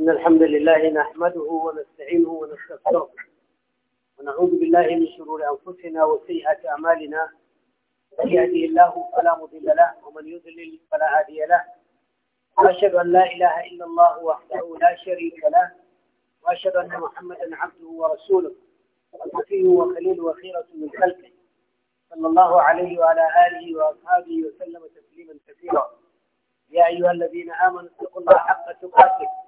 إن الحمد لله نحمده ونستعينه ونستغفره ونعوذ بالله من شرور أنفسنا وسيئات أعمالنا من يهده الله فلا مضل له ومن يضلل فلا هادي له وأشهد أن لا إله إلا الله وحده لا شريك له وأشهد أن محمدا عبده ورسوله وصفيه وخليله وخيرة من خلقه صلى الله عليه وعلى آله وأصحابه وسلم تسليما كثيرا يا أيها الذين آمنوا اتقوا الله حق تقاته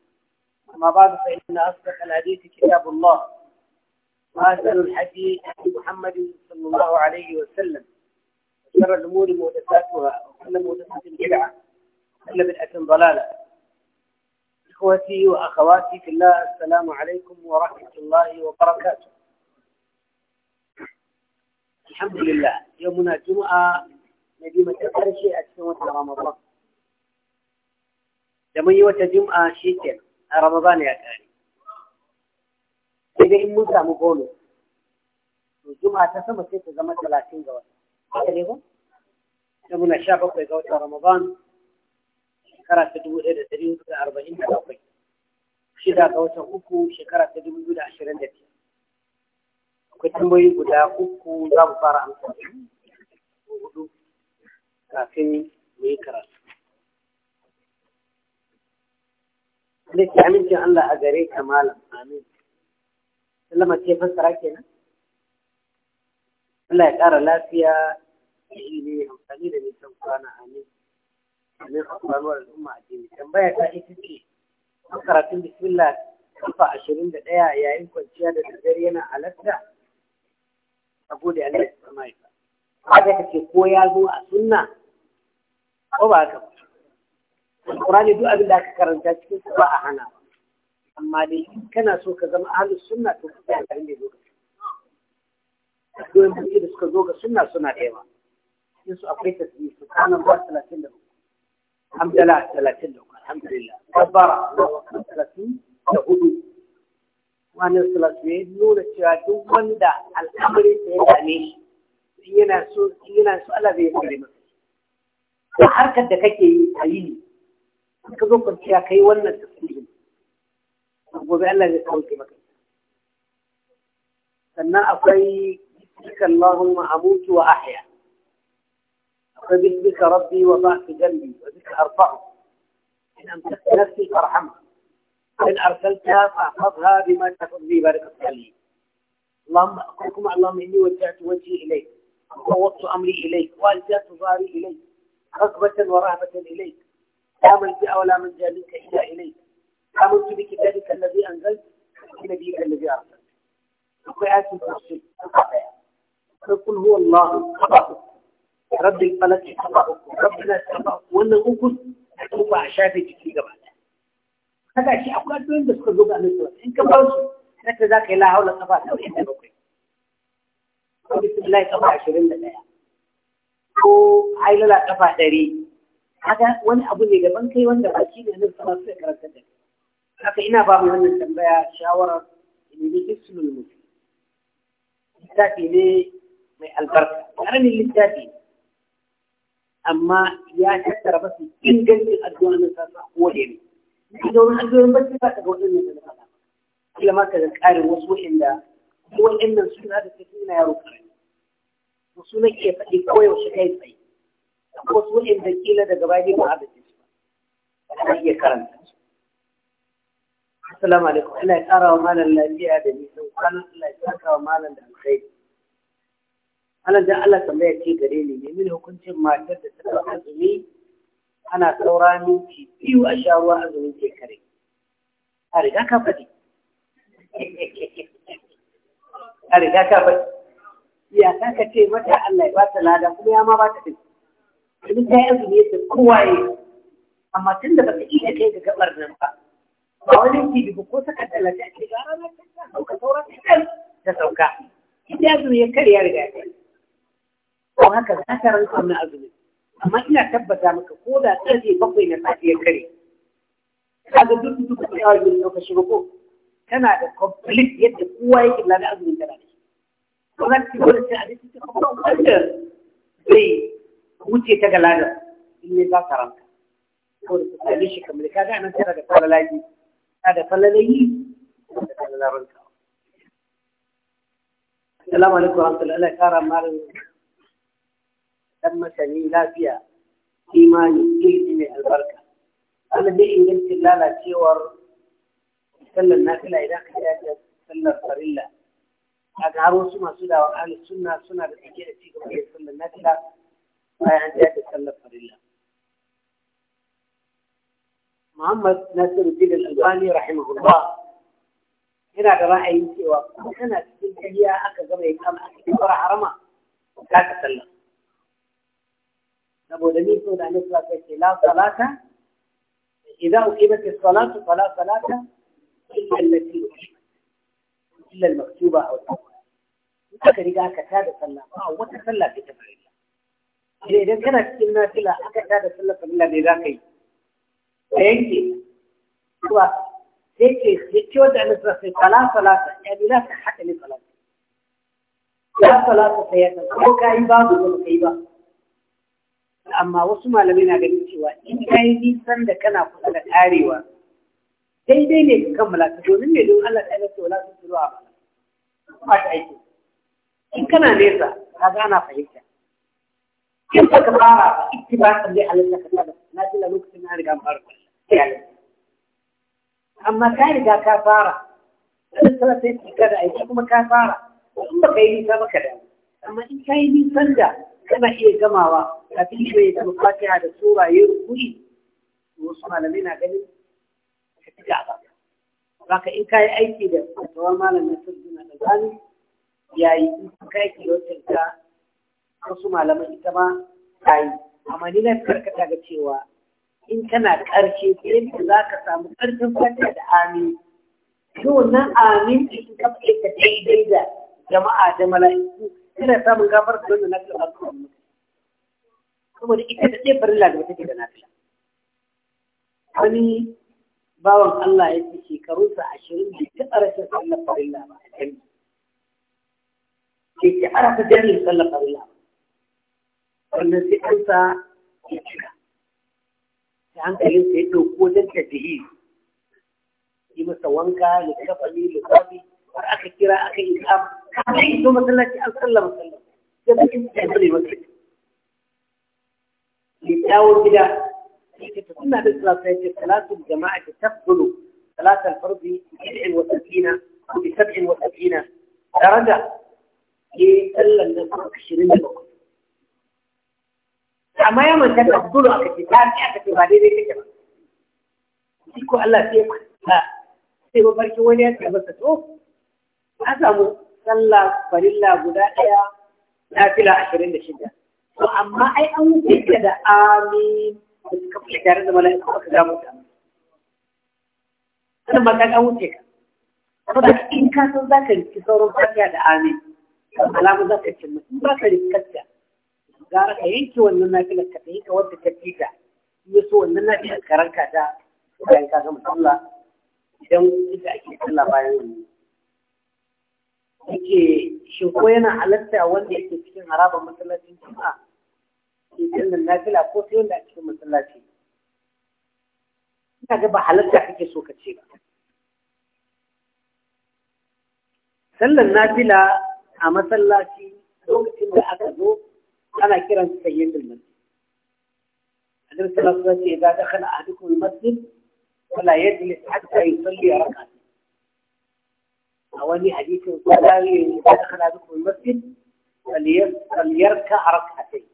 أما بعد فإن أصدق الحديث كتاب الله وأسأل الحديث عن محمد صلى الله عليه وسلم وشر الأمور مؤدساتها وكل مؤدسات بدعة وكل بدعة ضلالة إخوتي وأخواتي في الله السلام عليكم ورحمة الله وبركاته الحمد لله يومنا الجمعة نديمة الحرشي أكثر رمضان لما يوتى جمعة شيء a Ramadan ya kare. Sai dai in mun samu bolo, to juma ta sama sai ta zama talatin ga wata. Haka ne ba? Ta muna sha bakwai ga wata Ramadan, shekara ta dubu ɗaya da ɗari hudu da arba'in da bakwai. Shida ga watan uku shekara ta dubu biyu da ashirin da biyar. Akwai tambayoyi guda uku za mu fara amsa. Hudu kafin mu yi karatu. da ke amincin Allah a gare ka malam amin sallama ce fassara kenan Allah ya ƙara lafiya da ilimi amfani da nisan kwana amin amin amfanuwar al'umma a tambaya ta ita ce karatun bismillah kafa ashirin da ɗaya yayin kwanciya da daddare yana halatta a gode Allah ya sama ya ba ka ce ko ya zo a sunna ko ba haka ba alƙur'ani duk abin da aka karanta cikin su ba a hana ba amma dai kana so ka zama ahlus sunna to ka yi garin da zo ka doyin buɗe da suka zo ga sunna suna da yawa cikin su akwai tasbih kana ba 33 hamdala 33 alhamdulillah kabbara talatin da hudu wannan salatu ya nuna cewa duk wanda al'amari ta yi dame shi yana so Allah zai yi masa harkar da kake yi a yi ne ka zo kwanciya ka yi wannan tasirin gobe Allah zai kauce maka sannan akwai bismika Allahumma amutu wa ahya akwai bismika rabbi wa ba'ti jambi wa bika arfa'u in amsakta nafsi farhamha إن أرسلتها فاحفظها بما تقضي بارك الله اللهم أقولكم اللهم إني وجهت وجهي إليك وفوضت أمري إليك وألجأت ظهري إليك رغبة ورهبة إليك آمنت أولى من ذلك إلى إليك آمنت بكتابك الذي أنزلت بنبيك الذي أرسلت وآيات تفصيل فقل هو الله ربي فلك ربنا سبق وانا أقول أتوقع عشافي جكي قبل هذا شيء أقول أدوين بس خذوك عن السؤال إن كم رسول لك ذاك لا حول صفات أو إلا بكري بسم الله طبعا عشرين لنا ko ai lala kafa ɗari kaga wani abu ne daban kai wanda ba shi ne nan sama suka karanta da haka ina ba mu wannan tambaya shawara ne ne ismul muslim littafi ne mai albarka karamin littafi amma ya tattara masu ingancin addu'a na sassa ko da ne da wani addu'o'in bacci ba ta ga waɗannan da ba. kila ma ka ga ƙarin wasu waɗanda ko waɗannan suna da tafi na yaro karami wasu na iya faɗi kawai wasu kai tsaye wasu wajen da kila daga baya ba a da su ana iya karanta su assalamu alaikum Allah kara wa malam lafiya da nisan kwanan Allah ya kara wa malam da alkhairi Allah dan Allah tambaya ce gare ni ne mini hukuncin matar da ta azumi ana saura minti biyu a sha ruwa azumin ke kare a riga ka faɗi a riga ka faɗi iyaka ka ce mata Allah ya ba ta lada kuma ya ma ba ta ɗin duk ta yi azumi da kowa ya amma tun da ba ta iya kai ga gabar nan ba ba wani ki dubu ko saka talata ce ga rana ta sauka sauran kaɗan ta sauka ita azumi ya karya riga ta ko haka za ta rantsa wannan azumi amma ina tabbata maka ko da ƙarfe bakwai na safe ya kare kaga duk duk da yawa da ka shiga ko tana da complete yadda kowa yake lada azumin da rana ko za ta ci wani sai a cikin kuma wanda zai wuce ta galadar in ne za su ranka ko da sami shi kamar ka ga nan tana da falalaji ta da falalayi da falalar ranka assalamu alaikum wa rahmatullahi Allah kara marin dan masani lafiya imani ilimi mai albarka ana da ingancin lalacewar sallar nafila idan ka yi sallar farilla a ga har wasu masu dawon ahli suna suna da take da cigaba da sallar nafila محمد ناصر الدين الألباني رحمه الله هنا يمشي سوى أنا في الحياة أكثر يقام أكثر فرع رمى لا تسلم نبو دمين سوى أن يصلى في لا صلاة إذا أقيمت الصلاة فلا صلاة إلا التي أشمت إلا المكتوبة أو التوبة أنت كريقا كتاب سلم أو وتسلى في تفعيل Eh, idan kana cikin nafila aka ta da sallar kabila ne za ka yi ka yanke kuwa sai ce ya ce wata ana sa sai sala salata ya bi za ka haka ne salata ya salata sai ya san ko ka yi ba ko ka yi ba amma wasu malamai na ganin cewa in ka yi nisan da kana kusa da karewa daidai ne ka kammala ka domin ne don Allah ta alaƙa wala sun turu a ba ta aiki in kana nesa ka gana fahimta in ba fara ba ittifaqan dai Allah ka fara na ji lokacin na riga shi. amma ka riga ka fara dan sai sai ki da aiki kuma ka fara in ba ka yi nisa ba ka da amma in ka yi nisan da kana iya gamawa kafin shi ya fatiha da tura ya rubuci wasu malamai na ganin ka ci Ba ka in ka yi aiki da fatawar malamin na sirri na da ya yi in ka yi aiki da wasu malaman ita ma ta yi amma ni na karkata ga cewa in kana karshe, sai ne za ka samu ƙarfin fata da amin Yau na amin in ka faɗi daidai da jama'a da mala'iku ina samun gafar da wannan da ba ku kuma saboda ita da ɗaya farilla da wata ke da nafila wani bawan Allah ya ce sa ashirin da ta ƙarashin sallar farilla ba a jami'a ke ke ara ka jami'in sallar farilla ba wannan sai an sa ya cika ta hankalin sai ɗauko wajen tajihi yi masa wanka ya kafa ne lissafi har aka kira aka yi kam kamar yi zo masallaci an sallama sallama sai ta ya zane masallaci kyawun gida yake suna da ya ce salatun jama'a ta tafdulu salatul fardi bid'in wa sab'ina ko bi sab'in wa sab'ina daraja ke sallan da 27 amma ya manta da abdulu aka ce ta ne aka ce ba daidai take ba shi ko Allah sai kwanta sai mafarkin wani ya ce masa to na samu sallah farilla guda ɗaya na fila ashirin da shida to amma ai an wuce ta da amin da suka fi tare da mala'iku aka samu ta sannan ba ka an wuce ka saboda in ka san za ka riki sauran fatiha da amin alamu za ka cimma in ba ka rikasta gara ka yanke wannan nafilar ka ta yi ka wadda ta fita ya so wannan nafilar ka ranka ta bayan ka gama sallah idan ita ake sallah bayan wannan yake shi ko yana halatta wanda yake cikin harabar masallacin juma'a ke jannan nafila ko sai wanda a cikin masallaci ina ga ba halatta kake so ka ce ba sallan nafila a masallaci lokacin da aka zo أنا كرم سيد المسجد النبي صلى إذا دخل أحدكم المسجد ولا يجلس حتى يصلي ركعتين أولي حديث الصلاوي إذا دخل أحدكم المسجد فليركع ركعتين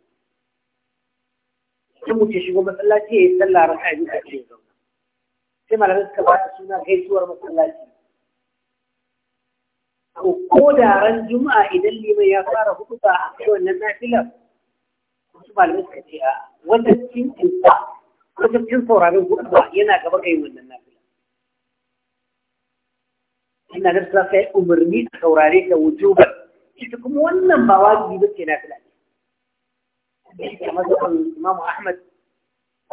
ثم مثلا مسلاتي يصلى ركعتين كما لم بعض السنة غير سورة مثلا ko da ran juma'a idan liman ya fara hukuta wasu malamai suka ce a wajen cin insa wajen cin sauraron gudunwa yana gaba ga yin wannan nafila ina da sa sai umarni a saurare ta wujuban ita kuma wannan ba wajibi ba ce nafila ne kamar zaɓen imamu ahmad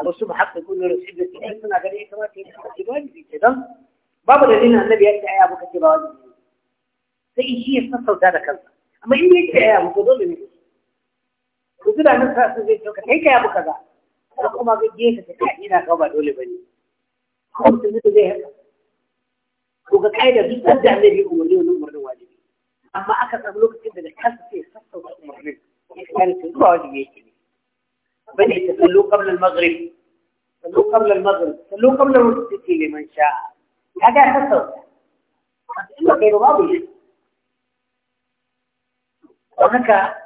wasu ba haka kullum da shi da shi suna gani ya kamata ya kamata wajibi ce don babu dalilin annabi ya ce ai abu kace ba wajibi sai shi ya sassauta da kansa amma in ya ce ai abu to dole ne ku zira nan sa su zai tsoka kai ka yabu kaza ko kuma ga gefe ta kai ina ga ba dole bane ko mutum zai zai haka ko ga kai da duk da annabi umarni wannan umarnin wajibi amma aka samu lokacin da kansa sai sassauta umarnin ya kare su ba wajibi yake ne bane ta sallu qabla al-maghrib sallu qabla al-maghrib sallu qabla al-wusti liman sha'a kaga sassauta in ba kai ba babu shi don haka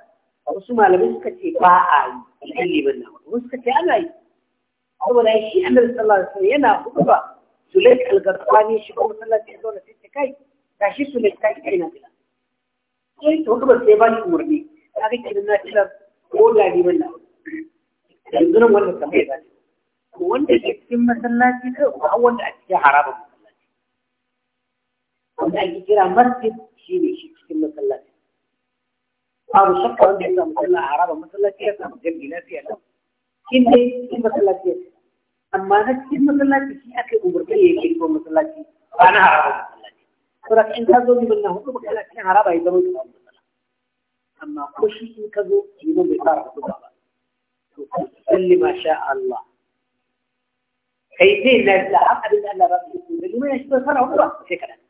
wasu malamai suka ce ba a yi idan liman na hudu wasu suka ce ana yi saboda shi annabi sallallahu alaihi wasallam yana hudu ba sulaik al-garbani shi kuma sallaci ya zauna sai kai gashi sulaik ta kai na bila sai to hudu sai ba shi umarni Da ga kenan na kira ko da liman na hudu yanzu nan wannan kamar ya ko wanda ke cikin masallaci kai ko wanda a cikin harabar masallaci wanda ake kira masjid shi ne shi cikin masallaci babu shakka wanda ya samu sallah a haraba masallaci ya samu jirgi lafiya lau shi ne shi masallaci amma na cikin masallaci shi aka yi umarni ya ke ko masallaci ba na haraba masallaci saboda in ka zo liman na hudu baka cikin haraba ya zama ka amma ko shi in ka zo liman bai fara hudu ba Allah kai sai na da haka da Allah rabbi ku da ya shi fara hudu ba sai kadan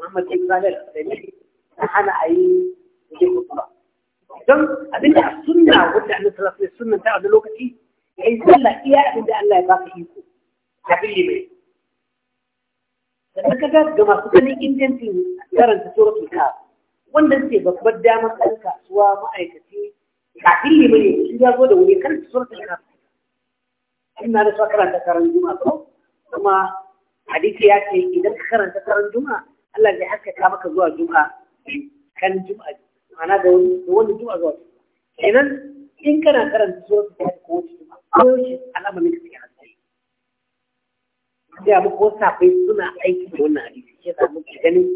Muhammad Ibrahim ta hana a yi wajen kutuba don abinda a suna wadda annabi sallallahu alaihi suna ta wani lokaci ya yi sallah iya abinda Allah ya ba baka iko abin mai sannan ka ga ga masu ganin injancin karanta suratul kaf wanda ce babbar damar ɗan kasuwa ma'aikaci kafin limai ne shi ya zo da wuri karanta suratul kaf ina da sa karanta karan juma'a ko kuma hadisi ya ce idan ka karanta karan juma'a Allah zai haskaka maka zuwa juma'a kan juma'a ana ga wani juma'a zuwa kenan in kana karanta zuwa su ta ko wace ko yaushe alama ne ka kake hasari da mu ko safai suna aiki da wannan hadisi shi yasa muke ganin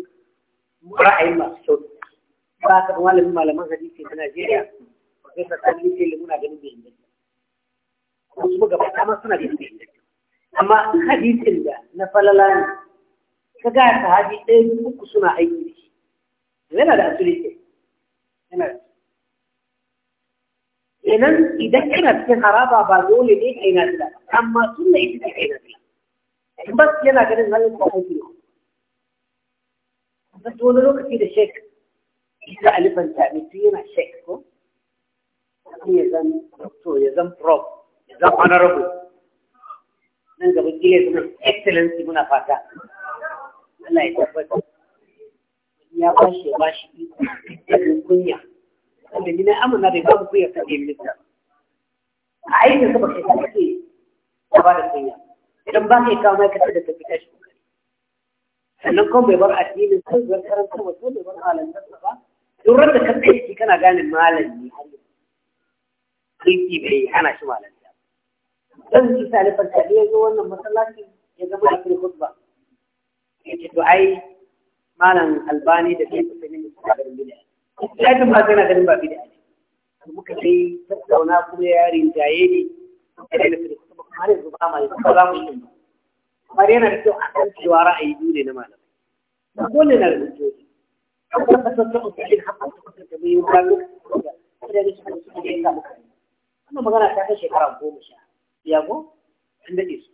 ra'ayin masu kyau ba ka malamin malaman hadisi na Najeriya sai sa kan yake limu na ganin da inganta wasu mu gaba ma suna ganin da inganta amma hadisin da na falala ne ka ga sahabi ɗaya uku suna aiki da shi yana da asali ke yana da kenan idan kana cikin haraba ba dole ne kai nazila amma sunna ita ce kai nazila in bas yana ganin halin ba kai ba to wani lokaci da shek ita alifan tabi tun yana shek ko ya zan to ya zan prof ya zan honorable nan gaba kila ya zama excellency muna fata Allah ya tabbatar ya bashi ya bashi shi iko da kunya wanda ni na amana da babu kunya ta ke minista a aikin ka baka ta ba da kunya idan ba kai kawo ma'aikata da tafi tashi kokari sannan kuma bai bar addinin sun zuwa karanta wa bai bar malantarsa ba durar da kan aiki kana gane malami. ne har yi aiki bai hana shi malami. dan isa ne farka ya zo wannan masallacin ya zama da kuma ba. ya ce to ai malam albani da sai ku sani suka garin bid'a ya kan ba tana ganin ba bid'a ne muka sai tattauna kuma yarin jaye ne da ne su kuma har yanzu ba ma ba za mu yi kamar yana da kyau a kan cewa ra'ayi biyu ne na malamai dole na rubuto akwai kasassun usulin hakan su kusa da biyu ba duk da ne su kusa da yin samu kare magana ta kai shekara goma sha ya go an daɗe su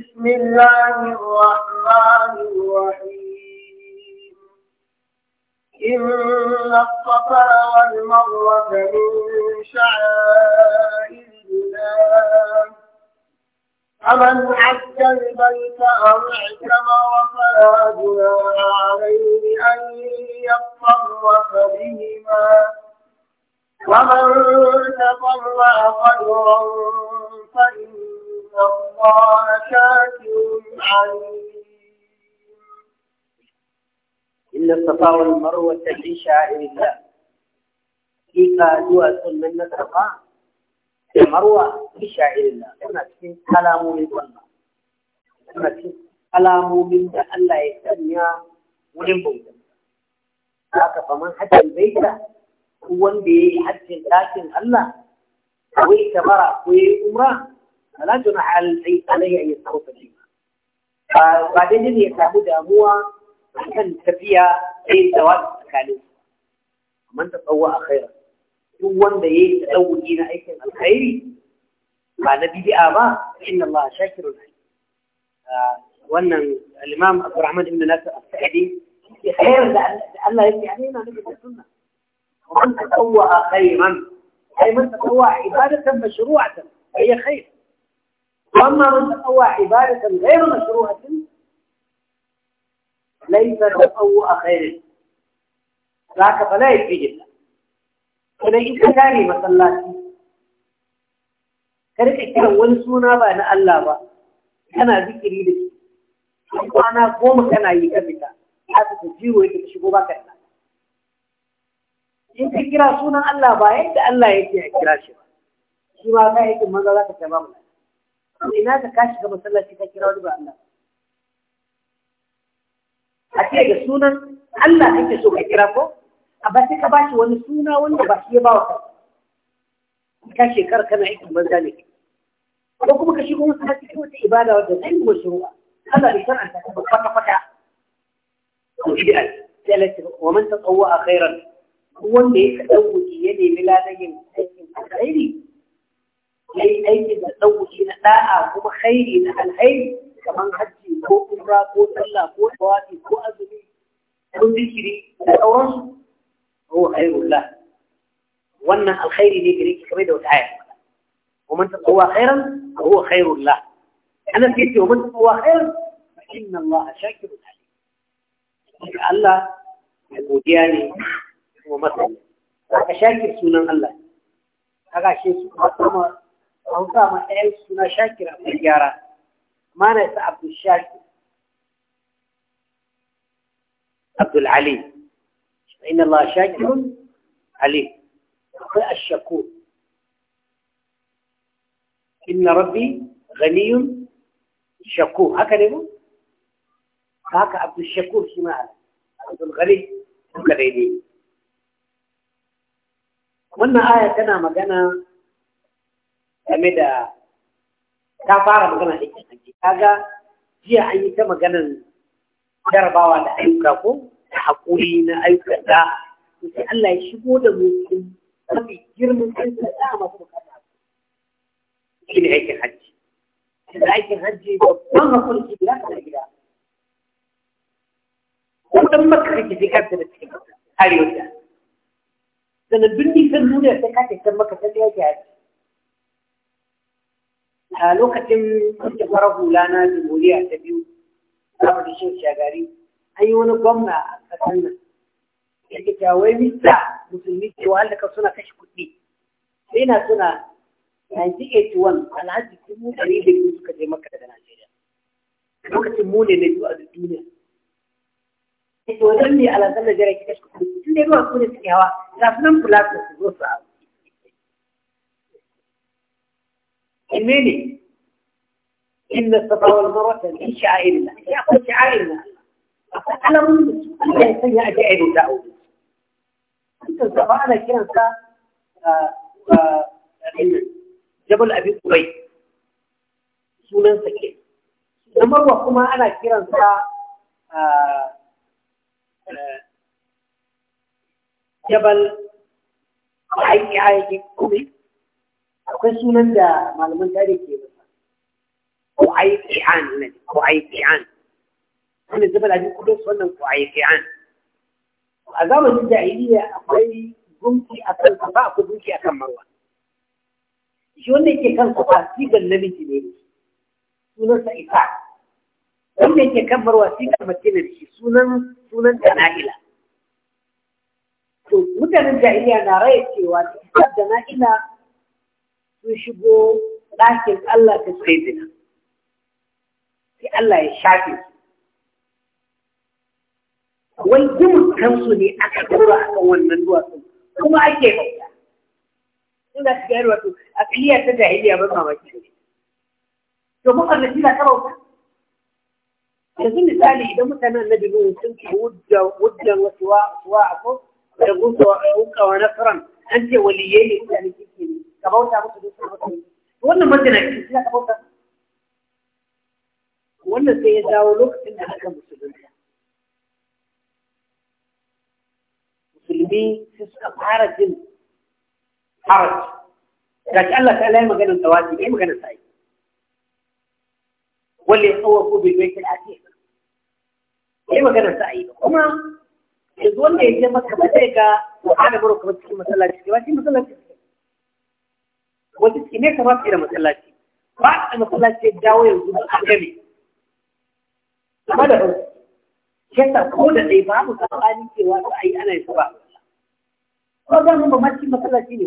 بسم الله الرحمن الرحيم إن الصفا والمروة من شعائر الله فمن حج البيت أو اعتمر فلا جناح عليه أن يطرف بهما ومن تطلع خيرا فإن الله شاكر عليم إن الصفا والمروة في شعائر الله حقيقة دوا سنة الصفا المروة في شعائر الله كما تكون كلام من الله كما تكون كلام من الله يسمى ولم بوجه haka faman hajjin baita wanda ya yi hajjin ɗakin Allah wai tabara ko ya yi umra لا جناح علي ان يتخوف الايمان. فبعدين اللي يتعبد هو احسن تبيع اي زواج تكاليف. من تطوع خيرا. هو اللي يتلوى الى اي شيء الخير. فنبي بآباء ان الله شاكر عليم. وان الامام عبد الرحمن بن ناصر السعدي خير لان الله يبكي علينا نبي السنه. ومن تطوع خيرا. اي من تطوع عباده مشروعه هي خير. وأما من تطوع عبادة غير مشروعة ليس تطوع خير ذاك فلا يجب idan ita kare masallaci karka kiran wani suna ba Allah ba kana zikiri da shi kwana goma kana yi ka fita ka ta jiwo yake shigo ba ka in ka kira sunan Allah ba yadda Allah ya kira shi ba shi ma ka za ka to ina ka ka shiga masallaci ka kira wani ba Allah a ce da sunan Allah kake so ka kira ko a ba sai ka ba shi wani suna wanda ba shi ya ba wa ka ka shekar kana aikin banza ne ko kuma ka shigo masallaci ko wata ibada wadda zai yi wa shuru'a Allah bai san ta ba kwata kwata ko ideal sai Allah ya wa man tatawwa khairan wanda ya dauki ya nemi ladan yin aikin alkhairi ya yi aiki da ɗauki na ɗa'a kuma khairi na alhairi kamar hajji ko umra ko sallah ko tawafi ko azumi ko zikiri da sauransu ruwa khairullah wannan alkhairi ne gare ki kamar da wata aya wa man tatawwa khairan ruwa khairullah ana ce wa man tatawwa khairan fa inna Allah shakirun alim Allah ya godiya ne kuma masa ka shakir sunan Allah kaga shi kuma أو كما اسمه شاكر أبو الجارة ما نسى عبد الشاكر عبد العلي إن الله شاكر علي الشكور إن ربي غني شكور هكذا يقول هكا عبد الشكور شمال عبد الغني هكذا يقول wannan aya tana magana تمدا كفارة مغنى هذا هي أي كما قلن جربا ولا أيوكاكو تحقوين أيوكاكا وفي الله يشبه ده ممكن ربي يجير من سنة لا ما هو مكتاب كين هيك الحج هيك الحج ما نقول شيء لا كلا كلا ودمك في كتير من السكين هاليوجا لأن بني في المدة تكاتي تمك في الحج a lokacin kunce fara hula na jamhuriya ta biyu zama da shin shagari an yi wani gwamna a ƙasar nan yake kyawai mista musulmi cewa ka suna kashe kuɗi sai na suna 1981 alhaji kuma ɗari da biyu suka je maka daga najeriya lokacin mu ne na biyu a duniya yake wajen ne alhazan da jirage kashe kuɗi tun da yawa su ne suke hawa kafin nan kula su zo su hawa الميني إن الصفا والمروة من شعائر الله يقول شعائر الله أنا من أنا يسمى أجائب داود أنت الصفا أنا كان جبل أبي قبي سونا سكين نمر وقما أنا kuma ana kiransa jabal aiki aiki akwai sunan da malaman tarihi ke masa ku'aiqi'an ne ku'aiqi'an wannan da ajin kudus wannan ku'aiqi'an a zamanin jahiliya akwai gunki a kan ba ku gunki a kan marwa shi wanda yake kan safa sigar namiji ne Sunan sa isa wanda yake kan marwa sigar mace ne shi sunan sunan da na'ila to mutanen jahiliya na raya cewa da na'ila تشبو أن الله تسقينا في الله يشافي والجمع كمسوني أكبر أكوان من دواتهم كما أن الله إذا أخير وقتهم أكلية أن بما ما تشوي كما قال رسيلة كروتا كذل مثالي إذا مثلا أن يقول سنك ودجا ودجا وسواعكم يقول سواعكم ونصرا أنت وليين يقول أن كيف ka bauta musu duk sun mutu wannan majinaki suna ka bauta wannan sai ya dawo lokacin da aka musulunta musulmi sai suka fara jin haraj ga shi Allah ta'ala ya maganar tawafi ya maganar yi. wanda ya tsawo bil baitul atiq ya maganar sa'i kuma yanzu wanda ya je maka ba zai ga wahala mura kuma cikin masallaci ba shi masallaci wata tsine ka ba da masallaci ba a masallaci ya dawo yanzu ba a game kuma da ba kesa ko da ɗai mu tsakanin cewa za a yi ana yi ba ko za mu mamaci masallaci ne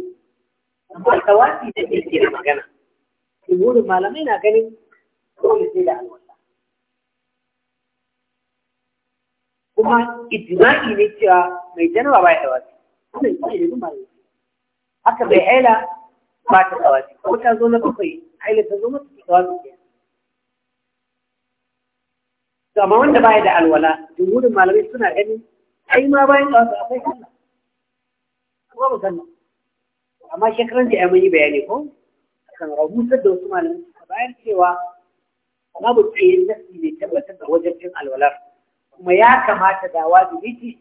amma tawafi da ke ke magana jumhurin malamai na ganin dole sai da alwala kuma ijma'i ne cewa mai janawa ba ya tawafi wannan shi ne malamai haka bai haila ba ta tsawafi ko ta zo na bakwai haila ta zo mata ta tsawafi ke to amma wanda baya da alwala jumhurin malamai suna ganin ai ma bayan tsawafi akwai sallah kuma ba sallah amma shekaran da ya mun bayani ko akan rahusar da wasu malamai suka bayar cewa babu tsayin nasi ne tabbatar da wajen cin alwalar kuma ya kamata da wajibi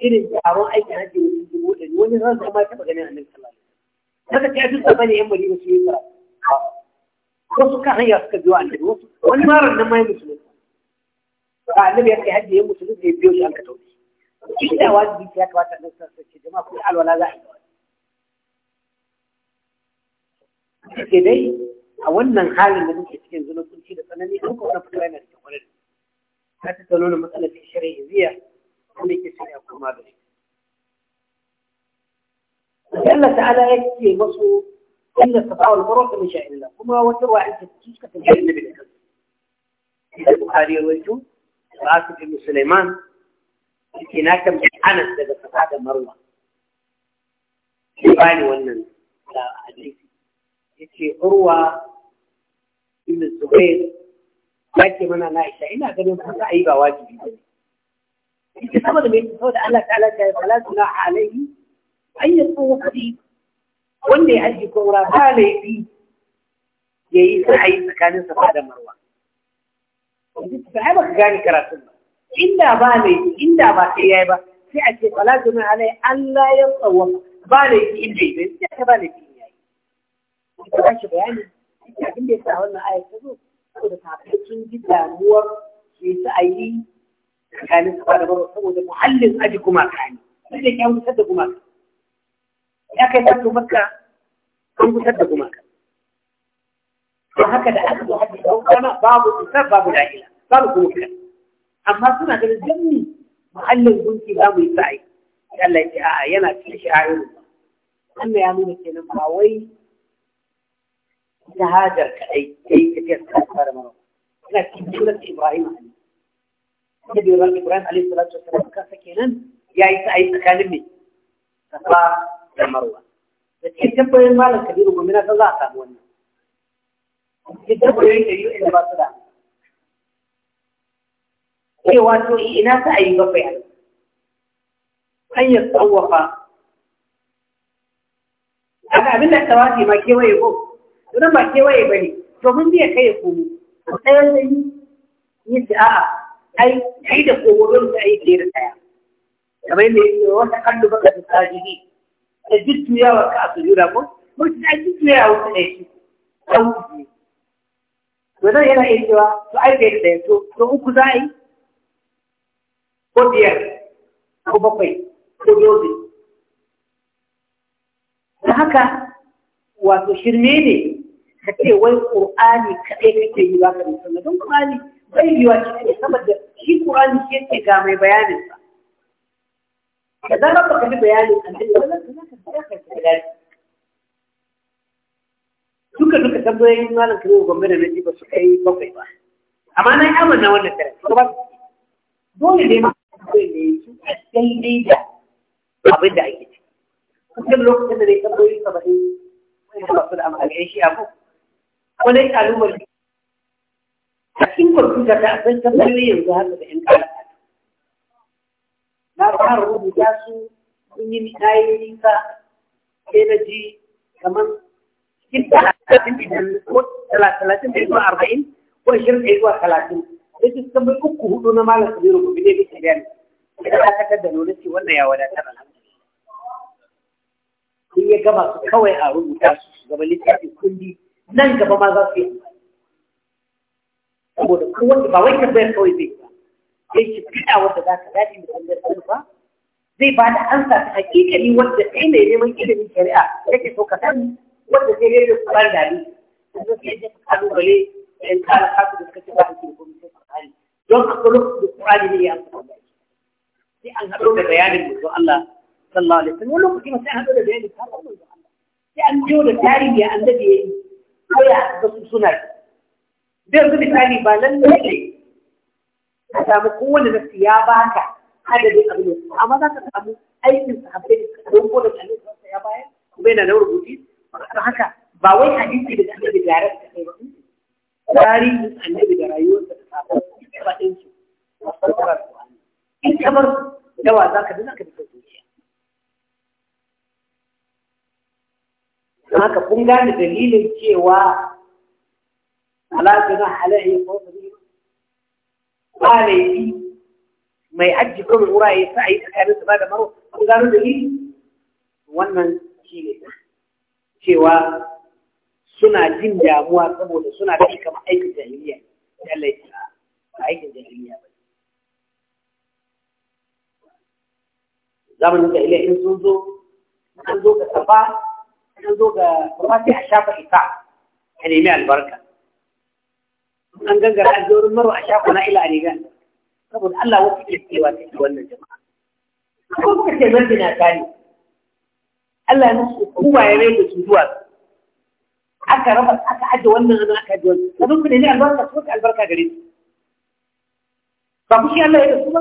irin taron aikin hajji wasu dubu ɗari wani zan zama taɓa ganin annabi sallallahu هذا كأدل تبني أمر المسلمين ترى وصك عياس كذوان كذو والمار إنما يمسلم فعلم يأتي هذه المسلمين في بيوش أن كتوبي جدا واجب فيها كواتا نفسر سجد ما في حال ولا ذاحي كدي أولنا نحال من نمشي تكين زنو كل شيء لسنني أوكو نفسرين أن تقولين لا تسألون مسألة الشريعية زيه ولي كسرية وكما بريد Allah ta'ala yake masu إلا استطاعوا الفروع من شاء الله كما وتروى عن تفكيك في العلم بالكذب البخاري رويته عاصم بن سليمان هناك من أنس لدى فتاة مروة يباني ونن حديث يتي عروة ابن الزبير لكن من أنا عائشة إلا كان يمكن عيبة واجبة يتي سبب من يتفوت الله تعالى فلا تناح عليه an yi tsohon kuɗi wanda ya aji ba laifi ya yi sa'ayi tsakanin safa da marwa. Ba ai baka gane karatun ba. Inda ba laifi, inda ba sai ba, sai a ce fala juna alai Allah ya tsawon ba laifi inda yi sai ba laifi ya yi. Ka ba shi bayani, abin da ya sa wannan ayat ta zo, saboda kafin ji damuwar yi sa'ayi tsakanin safa da marwa saboda muhallin aji kuma kani. da kyan da kuma kani. لكن أهل مكة هم يصدقوا مكة وهكذا أهل حديث أوكما باب الإسلام باب العائلة باب مكة أما سنة من الجنة محل البنت باب إسرائيل قال لي أنا في شعائر الله أما يا مونة كنم هاوي تهاجر كأي كأي كتير كأسفار مرور أنا كنتولة إبراهيم عليه النبي الله إبراهيم عليه الصلاة والسلام كان سكينا يا إسرائيل تكلمني da marwa da cikin tabbayin malam kabiru gomina ta za a samu wannan cikin tabbayin da yi inda ba su da cewa to eh, ina ta ayi ba bayan an yi tsawafa Ana abin da ta wafi ma kewaye ko sunan ba kewaye ba ne domin biya kai komo a tsayar da yi yi ta a'a ai kai da komo don ta ayi fiye da tsaya kamar yadda ya ce wata kallu baka ta tsajiri da jujjuyawa ka a sujuda ko mutum ya jujjuya a wuce ɗaya a wuce to nan yana iya cewa to ai bai ɗaya to to uku za a yi ko biyar ko bakwai ko dole da haka wato shirme ne ka ce wai ƙur'ani kaɗai kake yi ba ka da sunna don ƙur'ani bai yiwa shi ne saboda shi ƙur'ani shi yake ga mai bayaninsa. sa da zarar baka bi bayanin annabi wannan duka duka tambayoyin malam kare gombe da naji ba su kai bakwai ba amma na yi amana wannan tare dole ne ma kawai ne su a daidai da abin da ake ci kusan lokacin da ne tambayoyi saba'in wani ba su da amfani shi a abu wani kalumar a cikin kwamfuta ta akwai tambayoyi yanzu haka da 'yan kala na fara rubuta su sun yi nisa energy kaman ji kamar cikin talatin idan ko talatin da arba'in ko ashirin da zuwa talatin sai su suka uku hudu na malam su zai rubutu ne ke gani idan aka da nuna ce wannan ya wadatar alhamdulillah sun ya gama su kawai a rubuta su su gaba littafin kundi nan gaba ma za su yi saboda kowanne ba wai ka tabbayar kawai zai ba sai shi fita wanda za ka daɗi musamman ba zai ba da ansa ta hakikani wadda kai mai neman ilimin shari'a yake so ka sani wadda sai dai da kuran da ni yanzu sai dai kalubale in kala kasu da suka ci ba da ke gwamnati tsakani don a kuma da kurani ne ya amsa da sai an haɗo da bayanin mutum Allah sallallahu alaihi wasallam wani lokaci sai an haɗo da bayanin sabon mutum Allah sai an jiyo da tarihi ya annabi ya yi ko ya ga su suna da yanzu misali ba lallai ne ka samu kowane nasi ya baka adadin abin yau amma za ka samu aikin da suka dauko da annabi sallallahu ya bayar kuma yana da rubuci don haka ba wai hadisi da annabi da yaran ta kai ba tarihin annabi da rayuwarsa da sahabbai ba ɗin su in da za ka duna zuciya haka kun gane dalilin cewa ala jana halayya ko ba ba ne ما يعجي كل وراي فعي كانت هذا مرو قالوا لي ومن شيء سوى سنة جن يا مو أبوه سنة ذي كم أي جاهلية جلية أي جاهلية زمن جاهلية انزوجوا انزوجوا سبعة انزوجوا ما في أشافة إطاع يعني ما البركة أنجز رأي زور المرء أشافنا إلى أريجان saboda Allah wasu ke cewa take wannan jama'a ko kuka ce zarbi na kare Allah ya musu kowa ya rai da su zuwa aka raba aka aje wannan zan aka aje wannan abin ku ne ne albarka su ka albarka gare su ba ku shi Allah ya da su ba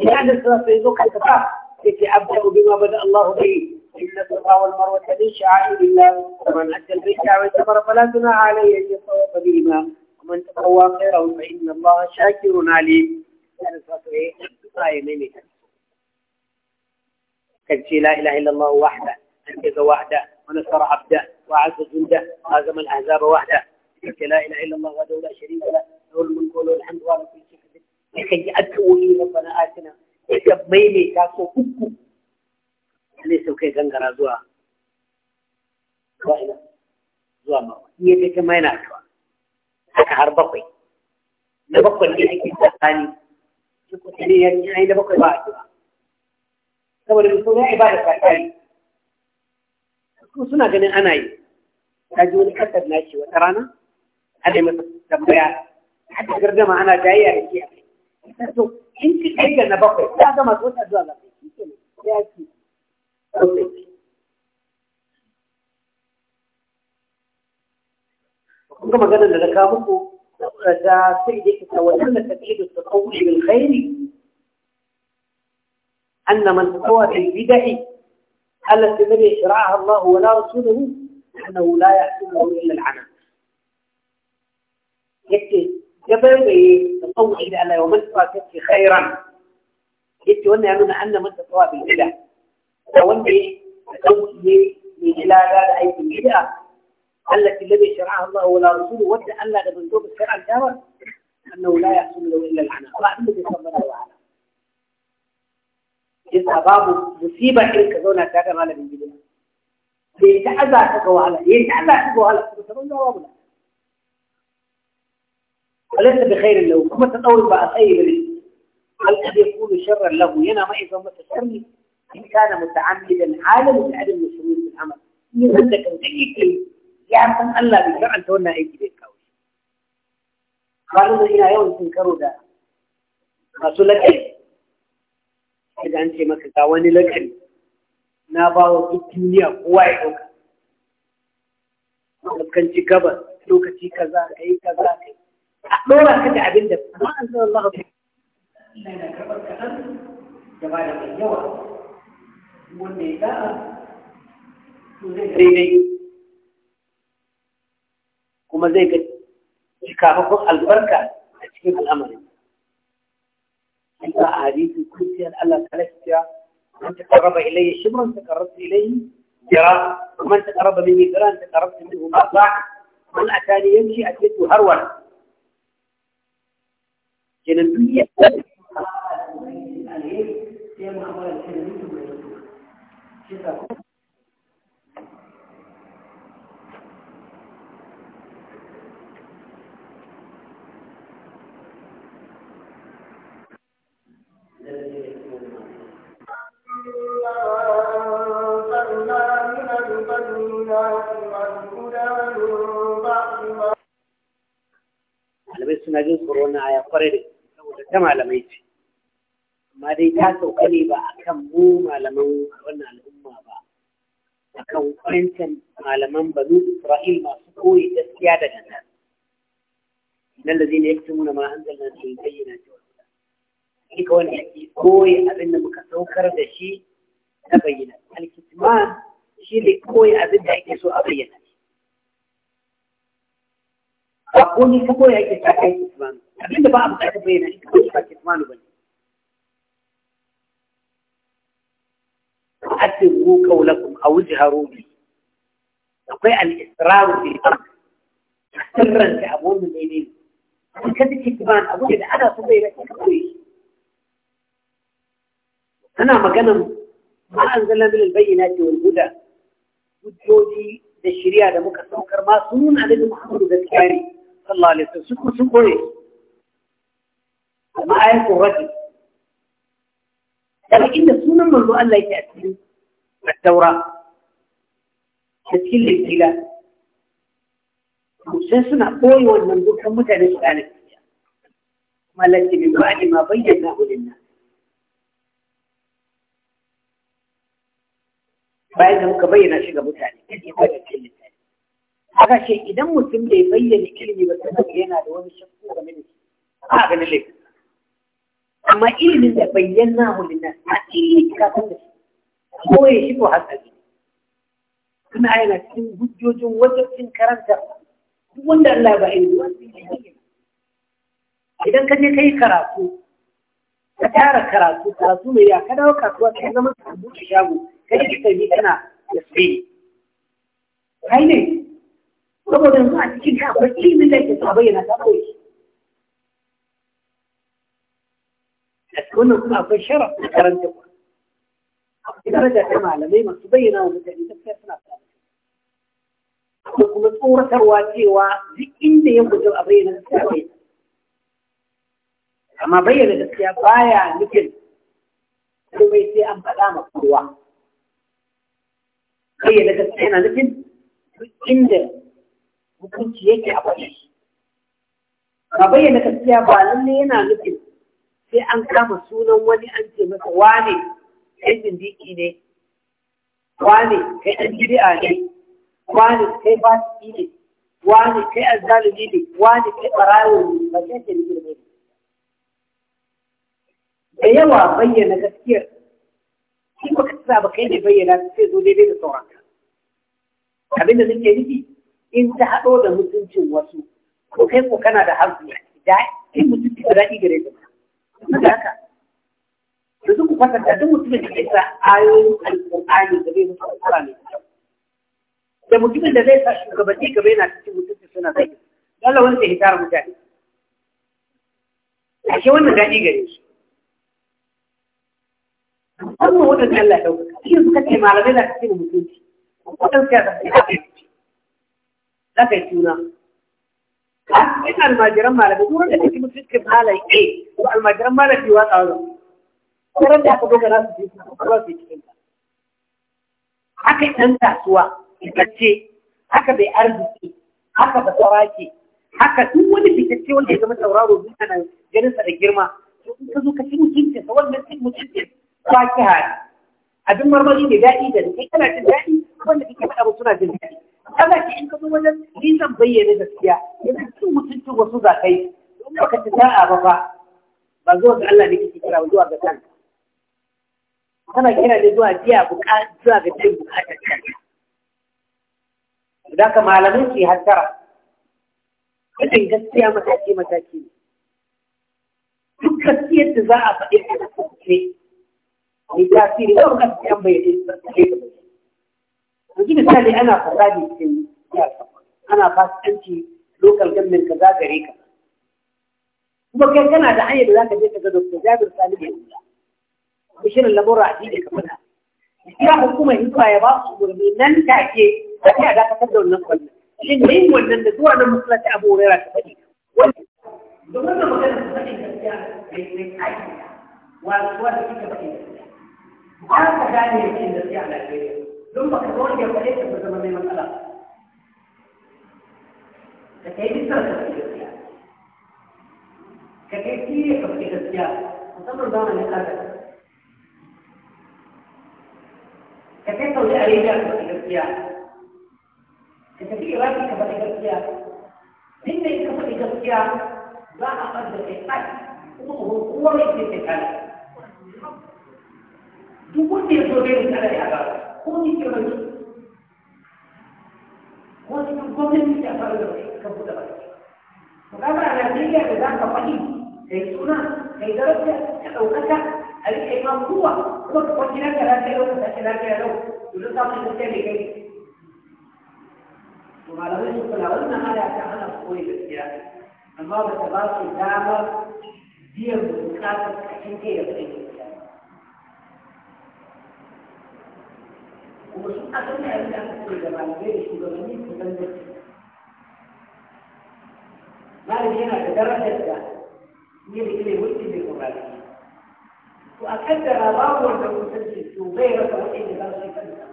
idan da su sai zo ka tafa yake abdu bima bada Allah bai إن الصفا والمروة من شعائر الله ومن أتى البيت أو اعتمر فلا جناح عليه أن يطوف بهما ومن تطوى خيره فإن الله شاكر عليم كان ساتوي يعني إيه؟, آية ميمي كنتي لا إله إلا الله وحده أنجز وحده ونصر عبده وعز جنده وعزم الأحزاب وحده كنتي لا إله إلا الله وحده لا شريك له له الملك وله الحمد وله كل شيء لكي لي ربنا آتنا إذا ميمي تاسو أكو ليس يعني كي غنغرا زوا زوا هو هي كما ينعكوا haka har bakwai na bakwai ne ake tsakani shi ne ya yi na bakwai ba a ba saboda da ba da tsakani su suna ganin ana yi ta ji wani kasar na shi wata rana a yi masa tambaya har da gardama ana jayayya da ke a kai to in ci ɗaya na bakwai ya gama tsotsa zuwa zafi shi ke ne ya ce كما قال لنا ذكاؤه ذا سيدك سواء أن تفيد التطور بالخير أن من هو في البدع التي لم يشرعها الله ولا رسوله أنه لا يحكمه إلا العنى يكي جبل التطور إلى أن يومن فاتك خيرا يكي وأن يعلم أن من تطور في البدع وأن يتطور في البدع التي الذي شرعها الله ولا رسوله ودى أن لا نبنتوب الشرع الكامل أنه لا يحصل له إلا العناء رحمة ربنا وعلا يسعى بابه مصيبة إلك زونا كاكا مالا من جدنا يتعزى تقوى على يتعزى تقوى على تقوى على وليس بخير له كما تطور بقى أي هل قد يكون شرا له ينام إذا ما تشرني إن كان متعمدا عالم بعدم الشرور العمل من عندك ya san Allah bai shar'anta wannan aiki bai kawo shi ba da ina yawan cin karo da masu lakari daga an ce maka ga wani lakari na ba wa duk duniya kowa ya ɗauka fuskanci gabas lokaci kaza ka yi kaza ka yi a ɗora ka da abin da ba an zama Allah karɓar kaɗan da ba da mai yawa wanda ya da'a to zai daidai kuma zai ga cikafaffen albarka a cikin al'amarin a hadisi kunciyar Allah ta lafiya man ta karaba ilayya shibran ta karabta ilayhi jira man ta karaba min ta min ba man a cikin har wani kenan duk ya sai suna jin tsoro na aya kwarai da saboda ta malamai ce amma dai ta sauka ne ba akan mu malaman wannan al'umma ba akan wancan malaman banu Isra'il masu koyi gaskiya da gangan nan da zai ne ya yaktumuna ma anzalna min bayyinati wal huda kika wanda yake koyi abin da muka saukar da shi na bayyana al shi ne koyi abin da ake so a bayyana ba ko ni ka koya yake ta kai Usman abinda ba a bukata bayyana shi ko ta kai Usman bane أسروا قولكم أو اجهروا به akwai al'israr fi ba sirran da abu mu ne ne ka ji kitban abu da ana so bai rake kai ana maganan ma anzalna min al-bayyinati wal huda hujjoji da shari'a da muka saukar ma sun nuna da Muhammadu gaskiya ne الله عليه وسلم سكو سكو إيه ما أعرف رجل لكن يعني سنة من رؤى الله يتأثير مع الدورة تسكين الابتلاء مساسنا قوي والمنزوك هم متعنس على الدنيا ما الذي من بعد ما بيناه للناس بعدهم كبينا شيء ابو ثاني كذي ما تكلم aka ce idan mutum bai bayyana ilimi ba ka yana da wani shakku game da shi a ganin laifin amma ilimin da bayyana mu lina a ilimi ka san da shi ko ya shi ko hasali kuma yana cikin hujjojin cin karanta duk wanda Allah ba ilimi ba idan ka je kai karatu ka tara karatu karatu mai ya ka dawo kasuwa ka zama ka buɗe shago ka yi tabi kana da sai kai ne saboda yanzu a cikin ka akwai ilimin da ke sa bayyana ta kawai a cikin wannan kuma akwai sharaf da karanta ku akwai daraja ta malamai masu bayyana wa mutane gaskiya suna samu akwai kuma tsoratarwa cewa duk inda ya mutu a bayyana gaskiya bayyana amma bayyana gaskiya baya nufin komai sai an faɗa ma kowa bayyana gaskiya yana nufin duk inda hukunci yake a faɗi shi ka bayyana gaskiya ba lalle yana nufin sai an kama sunan wani an ce masa wane kai jindiki ne wane kai ɗan bid'a ne wane kai fasiki ne wane kai azzalimi ne wane kai ɓarawo ne ba sai ke nufin ne da yawa bayyana gaskiyar shi ba ka tsaba kai ne bayyana sai zo daidai da sauranka abinda nake nufi in ta haɗo da mutuncin wasu ko kai ko kana da hazu da in mutunci da daɗi gare ka saboda haka Da duk ku kwatanta duk mutumin da zai sa ayoyin alƙur'ani da zai mutu alƙura mai kyau da mutumin da zai sa shugabanni gaba yana cikin mutunci suna zai yi. dole wani zai hitara mutane ashe wannan daɗi gare shi musamman waɗanda Allah ya ɗaukaka yanzu kace malamai za ka ce mutunci waɗansu ya zafi za ka yi suna ina almajiran malamai duran da take mutu cikin halaye eh, ko almajiran malamai wa tsaro duran da aka zo dogara su ji su ba su yi cikin ta haka ɗan kasuwa fitacce haka bai arziki haka ba tsawaki haka duk wani fitacce wanda ya zama tauraro duk ana ganin sa da girma to in ka zo ka ci mutunci sa wannan cin mutunci ba ki hali abin marmari ne daɗi da ni, kai kana jin daɗi wanda kake faɗa ba suna jin daɗi kaga ki in ka wajen ni zan bayyana gaskiya yana cin mutuncin wasu zakai in baka ci sa'a ba fa ba zuwa ga Allah ne kike kira ba zuwa ga kanka kana kira ne zuwa biya bukata zuwa ga biyan bukatar kanka da ka malamin ki hattara irin gaskiya mataki mataki ne duk gaskiyar da za a faɗi a cikin ne mai tasiri yau gaskiyan bai ne يجي مثالي أنا فرادي في السياسة أنا خاص أنت لوكال جمن كذا غريكا وبكي كان هذا عيب ذاك جيت قد أستاذ رسالي بي أولا مشين اللي مرة عديدي كفنها يا حكومة يبقى يا باص ومن نن تأتي أتي هذا كتبه النقل إن مين ونن ندور أنا مصلة أبو ريرا كفنها ولي دورنا مكان مصلة كفنها بين أيها والسؤال كيف كفنها أنا كفنها كفنها كفنها don ba ka wani gaba ne ka zama mai matsala ka kai bisar ka fi gaskiya ka kai tiye ka fi gaskiya musamman zamanin ƙasar ka kai saudi kerja. ka fi gaskiya ka tafi iraki ka fi gaskiya duk da ka fi gaskiya ke ya ko ni ke bane ko ni gwamnati ta fara da ka buɗe ba to kaga a Najeriya da za ka faɗi kai suna yi daraja ka ɗaukata, a yi rike ma kowa kuma ka kwanci na ka lafiya lau ka tashi lafiya lau yanzu samun gaskiya ne kai to malamai su kula wannan aya ta hana koyi gaskiya amma ba ta ba su damar biyan bukatar kashin kai da kai kuma su asali a yadda aka ce da malamai da shugabanni su san da malami yana da darajar da ne da ilai mulki mai kurari to a kaddara babu wanda kusanci to bai rasa waɗanda za su yi kanta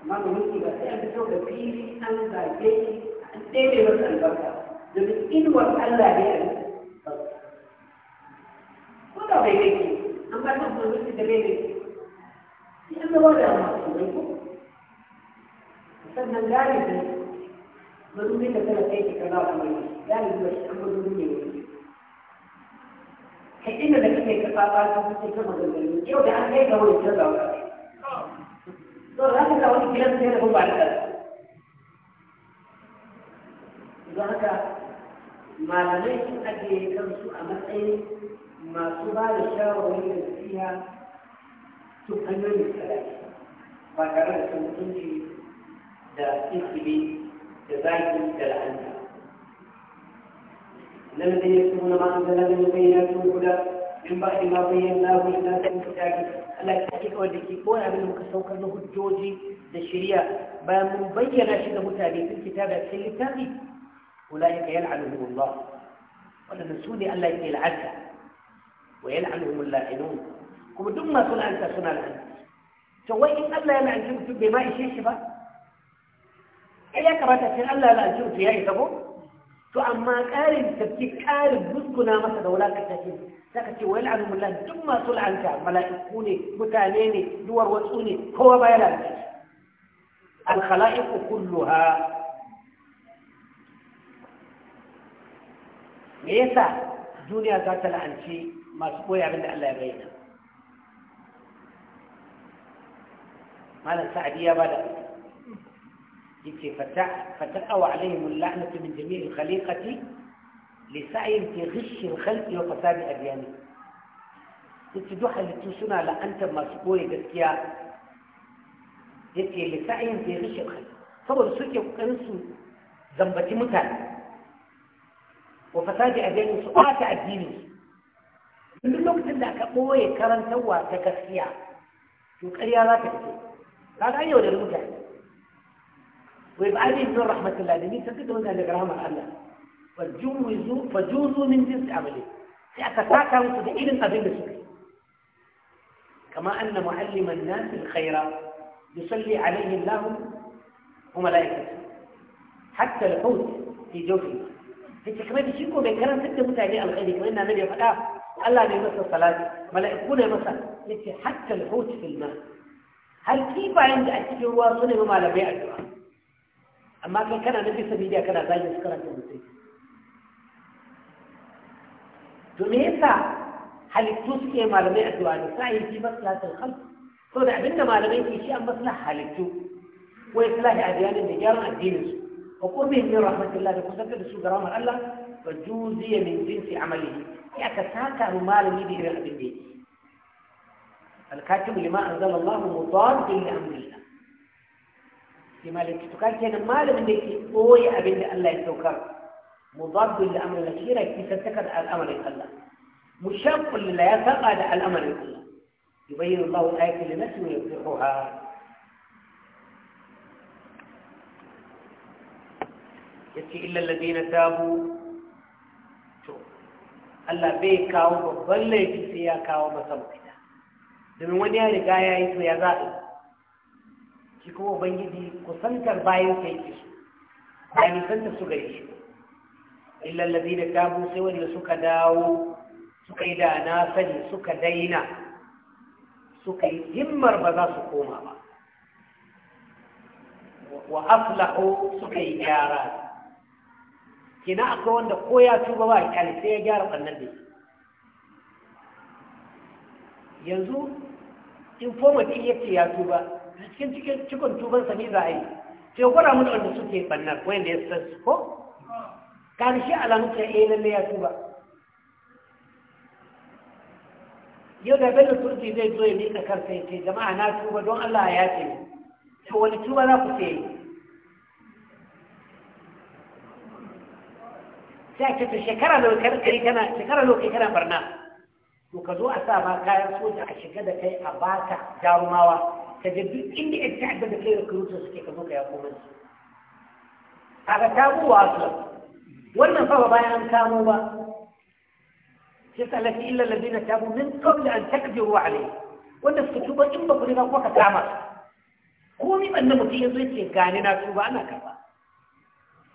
amma da mulki ba sai an fito da fili an zage shi an ɗebe masa albarka domin inuwar Allah ne a ko da bai gaiki an ba ta mulki da bai gaiki لأنه ولا معصومين فمن لا يدري ضروري مثلا أيدي كلام لا يدري أمر مني حينما لكن يتقاطعون في كم ضروري يوم عن هيك هو يتجرع دور هذا هو الكلام اللي هو بعد ذلك لذلك ما لم يكن أدري كم سوء مسألة ما سوى الشاور فيها su hanyoyin salati ba tare da mutunci da iskili da zaki da la'anta الذين يكتبون ما انزل من بينات الهدى من بعد ما بيناه للناس في الكتاب Allah ta kika wanda ke koya abin da muka saukar na hujjoji da shirya bayan mun bayyana shi da mutane sun fita da cikin littafi ulai ka yal'anuhum Allah wannan su ne Allah ya la'anta wa yal'anuhum la'inun kuma duk masu la'anta suna la'anta to wai in Allah ya la'anci mutum bai ma ishe shi ba ai ya kamata sai Allah ya la'anci mutum ya isa ko to amma ƙarin tafi ƙarin buskuna masa da wulakanta ce saka ce wa yal'anu billahi duk masu la'anta mala'iku ne mutane ne duwar watsu ne kowa ba ya la'anta al khala'iqu kulluha me yasa duniya za ta la'anci masu koya abin da Allah ya bayyana malam sa'adi ya bada yake fata'awa alaihim la'natu min jami'il khaliqati li sa'in fi ghishi al-khalqi wa fasadi adyani yace duk halittu suna la'anta masu koyi gaskiya yace li sa'in fi ghishi al-khalqi saboda suke kokarin su zambaci mutane wa fasadi adyani su ɓata addini duk lokacin da aka ɓoye karantarwa ta gaskiya to ƙarya za ta fito قال أيوة للمجاهد ويبقى هذه من رحمة الله لمين سكتوا أنها لكرامة الله فجوزوا فجوزوا من جنس عمله سأتساكى وتدعين قبل سكي كما أن معلم الناس الخير يصلي عليه الله وملائكته حتى الحوت في جوفه في كمان يشكوا بكلام ستة متعلية الخير كمان نعمل يا فتاة الله يمسى الصلاة ملائكون يمسى حتى الحوت في الماء har kifayen da a cikin ruwa su ne malamai a jira amma kai kana na bisa bidiya kana zagin su karanta mutum to me yasa halittu suke malamai a jira da sa'i fi maslahatul khalq to da abinda malamai ke shi an maslahar halittu wai islahi adiyanin da gyaran addinin su wa qurbihim min rahmatillah da kusantar da su ga rahmar Allah wa juziya min jinsi amalihi ya ka saka malami da irin abin da yake الكاتب لما أنزل الله مضاد لأمر الله لما لتتكال كان ما لم يكن أوي أبن الله يتوكر مضاد لأمر الله كيرا يتسكر الأمر الله مشاق لله يتقى الأمر الله يبين الله الآية للناس ويوضحها yace illa alladhina tabu to Allah bai kawo babban laifi sai ya kawo domin wani ya riga ya yi to ya zaɓi shi kuma ubangiji kusantar bayan sai ke su ya da su gari shi illa da tabu sai wanda suka dawo suka yi da na sani suka daina suka yi himmar ba za su koma ba wa aflahu suka yi gyara kina akwai wanda ko ya tuba ba kyalisai ya gyara ɓannan da yanzu informative ya ce ya tuba cikin cikin cikin tuban sa ne za a yi sai gwada mun wanda suke bannar wanda ya san su ko karshe alamun ta eh lalle ya tuba yau da da turji zai zo ya mika karfe ce jama'a na tuba don Allah ya ce to wani tuba za ku ce sai a ce to shekara da kai kana shekara da kai kana barna to ka zo a sa ma kayan soja a shiga da kai a baka jarumawa ka je duk inda ya ta'adda da kai recruiter suke ka zo ka yako su. A ta buwa su wannan fa ba bayan an kamo ba sai ta lafi illa ladina tabu min qabl an taqdiru alayhi wanda suka tuba in ba ku riga ko ka kama ko mi banna mutum yazo yake gane na tuba ana kafa.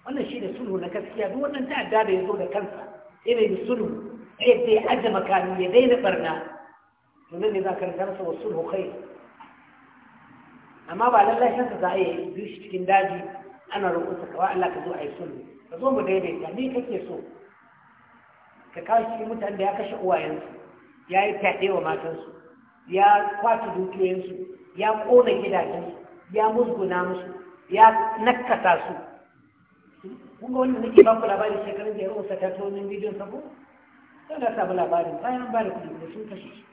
wannan shi da sulhu na gaskiya duk wannan ta'adda da ya zo da kansa irin sulhu yadda ya aje makami ya daina barna tunan ne za ka rika masa wasu hukai amma ba lallai shansa za a yi biyu shi cikin daji ana roƙonsa kawai Allah ka zo a yi sulhu ka zo mu daidaita ni kake so ka kawo shi mutane da ya kashe uwayensu ya yi fyaɗe wa matansu ya kwace dukiyoyinsu ya ƙona gidajensu ya musguna musu ya nakkasa su kun ga wanda nake ba ku labarin shekarun da ya rubuta tattaunin bidiyon sabo sai na samu labarin bayan ba da kuɗi da sun kashe shi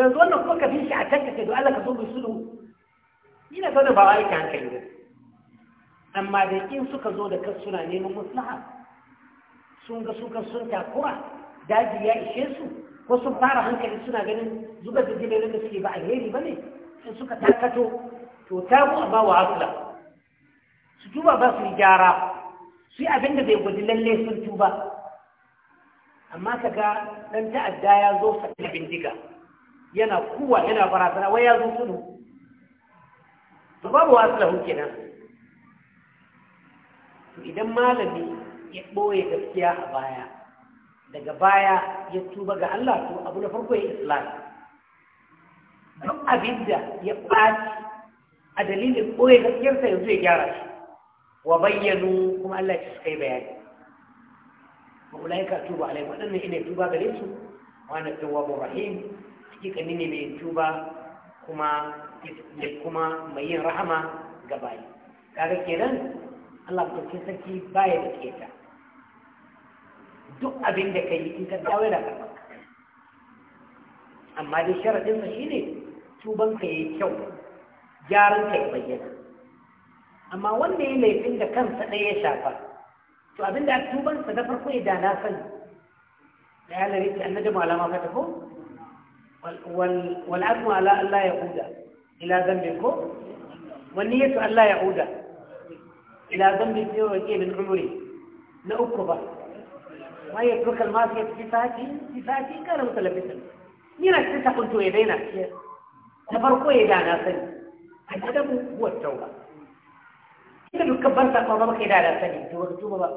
yanzu wannan kuma ka fi shi a can ka ce Allah ka so mai sulhu ina zaune ba wai ka hankali ba amma da in suka zo da kan suna neman maslaha sun ga suka sun takura daji ya ishe su ko sun fara hankali suna ganin zubar da jimirin da suke ba a alheri ba ne in suka takato to ta tagu a ba wa asula su tuba ba su yi gyara su yi abin da bai guji lalle sun tuba amma ka ga ɗan ta'adda ya zo sa da bindiga yana kuwa yana barazana wai ya zo sulhu to babu wasu kenan to idan malami ya ɓoye gaskiya a baya daga baya ya tuba ga Allah to abu na farko ya islam duk abin da ya ɓaci a dalilin ɓoye gaskiyarsa yanzu ya gyara shi wa bayyanu kuma Allah ya ci kai bayani wa ulaika tubu alaihi wadannan ina tuba gare su wa ana tawwabu rahim hakika ni ne mai tuba kuma kuma mai yin rahama ga bayi kaga kenan Allah ko ce sarki baya da keta duk abin da kai in ka dawo da karɓa amma dai sharadin sa shine tuban ka yayi kyau gyaran ka ya bayyana amma wanda ya laifin da kansa ɗaya ya shafa to abin da tuban sa na farko ya da na sani da ya lare ki annabi malama ka tafi wal wal azmu ala Allah ya uda ila zambi ko wani yato Allah ya uda ila zambi sai wa ke min umri na uku ba ma ya turka almasi ya fi sati fi sati karam talabisan ni na cikin takunto ya daina na farko ya da na sani a cikin huwar tauba Ka dukkan ban sakon ba kai da da sani to ba tuba ba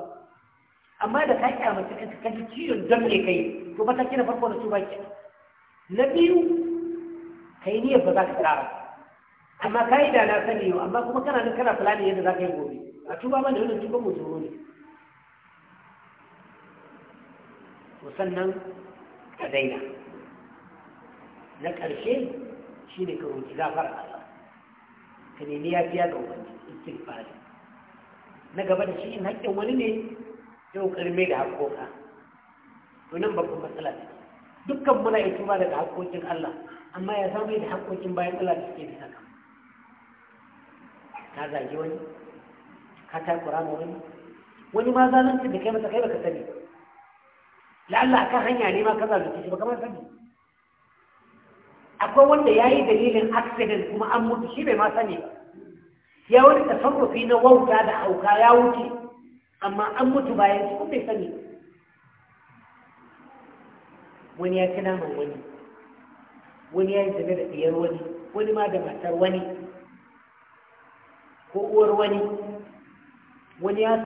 amma da ka kyamata kanka ka ji ciwon don ne kai to ta na farko na tuba ke na biyu kai ni ba za ka tsara amma ka yi da na sani yau amma kuma kana nan kana fulani yadda za ka yi gobe a tuba ma da wannan tuba mu tsoro ne to sannan ka daina na ƙarshe shi ne ka roƙi gafara Allah ka nemi yafiya ga ubangiji istighfari na gaba da shi in haƙƙin wani ne yau ƙoƙarin da haƙƙoƙa to nan babban matsala dukkan muna yi tuba daga haƙƙoƙin Allah amma ya samu da haƙƙoƙin bayan Allah da suke bisa kan ka zage wani ka takura ma wani wani ma zalunci da kai masa kai baka sani la'alla kan hanya ne ma ka zalunci shi baka ma sani akwai wanda ya yi dalilin accident kuma an mutu shi bai ma sani ba ya wani tasarrufi na wauta da hauka ya wuce amma an mutu bayan su bai sani wani ya ci naman wani wani ya yi zane da ɗiyar wani wani ma da matar wani ko uwar wani wani ya